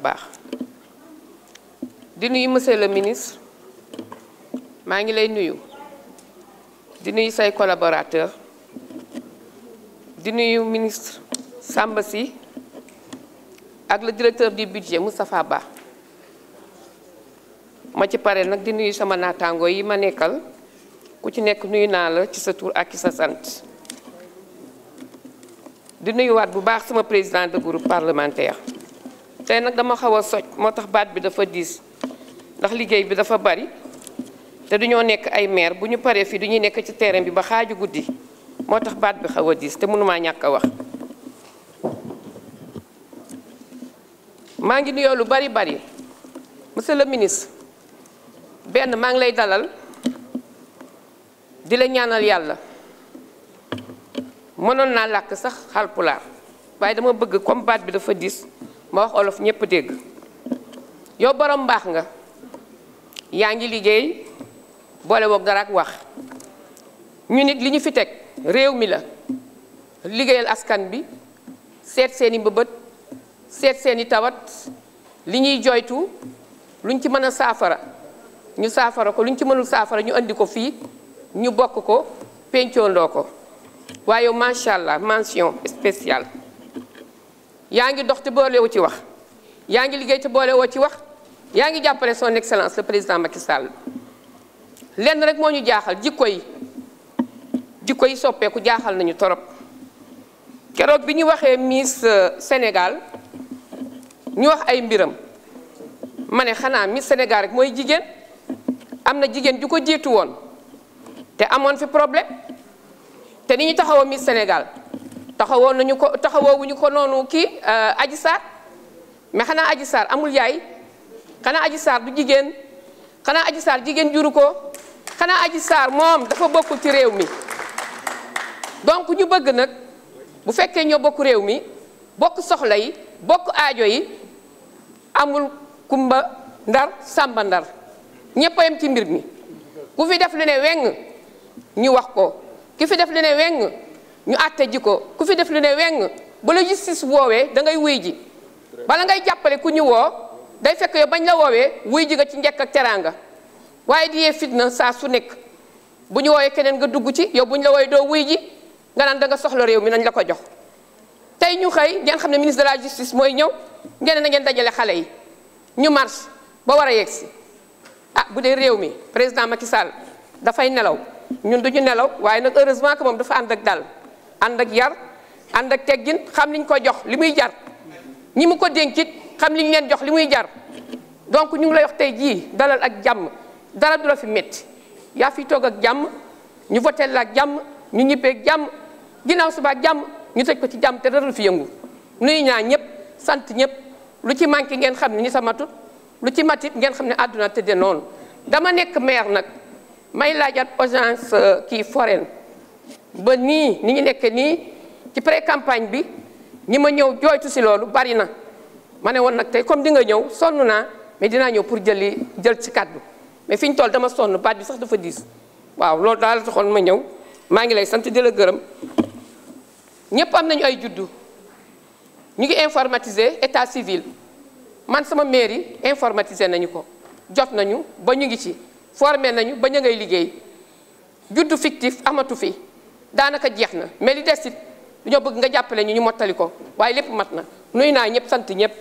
baax di nuyu monsieur le ministre maa ngi lay nuyu di nuyu say collaborateur di nuyu ministre sàmba si ak la directeur du budget Moustapha Ba ma ci pare nag di nuyu sama naataangoo yi ma nekkal ku ci nekk nuyu naa la ci sa tur ak ci sa sant di nuyuwaat bu baax sama président de groupe parlementaire tay nak dama xawa soj motax baat bi dafa dis ndax liggey bi dafa bari te duñu nek ay maire buñu paré fi duñu nek ci terrain bi ba xaju guddii motax baat bi xawa dis te ñaka wax ma ngi nuyo lu bari bari monsieur le ministre ben ma ngi lay dalal dila ñaanal yalla mënon na lak sax xalpular waye dama bëgg comme bi dafa dis ma wax olof ñépp dégg yow borom mbaax nga yaa ngi liggéey boole boog dara ak wax ñu nit li ñu fi teg réew mi la liggéeyal askan bi seet seeni mbëbët seet seeni tawat li ñuy joytu luñ ci mën a saafara ñu saafara ko luñ ci mënul saafara ñu indi ko fii ñu bokk ko pencoondoo ko waaye macha allah mention spéciale yaa ngi dox te boolewoo ci wax yaa ngi ci te boolewoo ci wax yaa jàppale son excellence le président Macky Sall lenn rek moo ñu jaaxal jikko yi jikko yi soppeeku jaaxal nañu torop keroog bi ñu waxee Miss Sénégal ñu wax ay mbiram ma ne xanaa Miss Sénégal rek mooy jigéen am na jigéen ju ko jiitu woon te amoon fi problème te ni ñu taxawoo Miss Sénégal. taxawoo nañu ko taxawoowuñu ko noonu kii euh, Adji Sarr mais xanaa Adji Sarr amul yaay xanaa Adji Sarr du jigéen xanaa Adji Sarr jigéen juru ko xanaa Adji Sarr moom dafa bokkul ci réew mi donc ñu bëgg nag bu fekkee ñoo bokk réew mi bokk soxla yi bokk aajo yi amul kumba ndar sàmba ndar ñépp ci mbir mi ku fi def lu ne weng ñu wax ko ki fi def lu ne weng ñu àtte ji ko ku fi def lu ne weng ba la justice woowee da ngay wuy ji bala ngay jàppale ku ñu woo day fekk yow bañ la woowee wuy ji nga ci njekk ak teraanga waaye di yee fitna saa su nekk bu ñu woowee keneen nga dugg ci yow bu ñu la woowee doo wuy ji nga naan da nga soxla réew mi nañ la ko jox tey ñu xëy ngeen xam ne ministre de la justice mooy ñëw ngeen na ngeen dajale xale yi ñu marche ba war a yegg si ah bu dee réew mi président Macky Sall dafay nelaw ñun du ñu nelaw waaye nag heureusement que moom dafa ànd ak dal Anda ak yar ànd ak teggin xam liñ ko jox limuy jar ñi mu ko denkit xam liñ leen jox limuy jar donc ñu ngi lay wax tay ji dalal ak jam dara du la fi metti ya fi tok ak jam ñu voteel la ak jam ñu ak jam ginaaw suba jam ñu tej ko ci jam te dara fi yëngu nuy ñaan ñep sant ñep lu ci manki ngeen xam ni sa matut lu ci matit ngeen xam ni aduna tedde non dama nek maire nak may agence euh, ki foraine ba nii ni ñu nekkee nii ci pré campagne bi ñi ma ñëw jooytu si loolu bari na ma ne woon nag tey comme di nga ñëw sonn naa mais dinaa ñëw pour jëli jël ci kàddu mais fi ñu toll dama sonn baat bi sax dafa diis waaw loolu daal toxoon ma ñëw maa ngi lay sant di la gërëm ñëpp am nañu ay juddu ñu ngi informatiser état civil man sama mairie informatiser nañu ko jot nañu ba ñu ngi ci formé nañu ba ñu ngay liggéey juddu fictif amatu fi. daanaka jeex na mais li des it dañoo bëgg nga jàppale ñu ñu mottali ko waaye lépp mat na nuyu naa ñëpp sant ñëpp.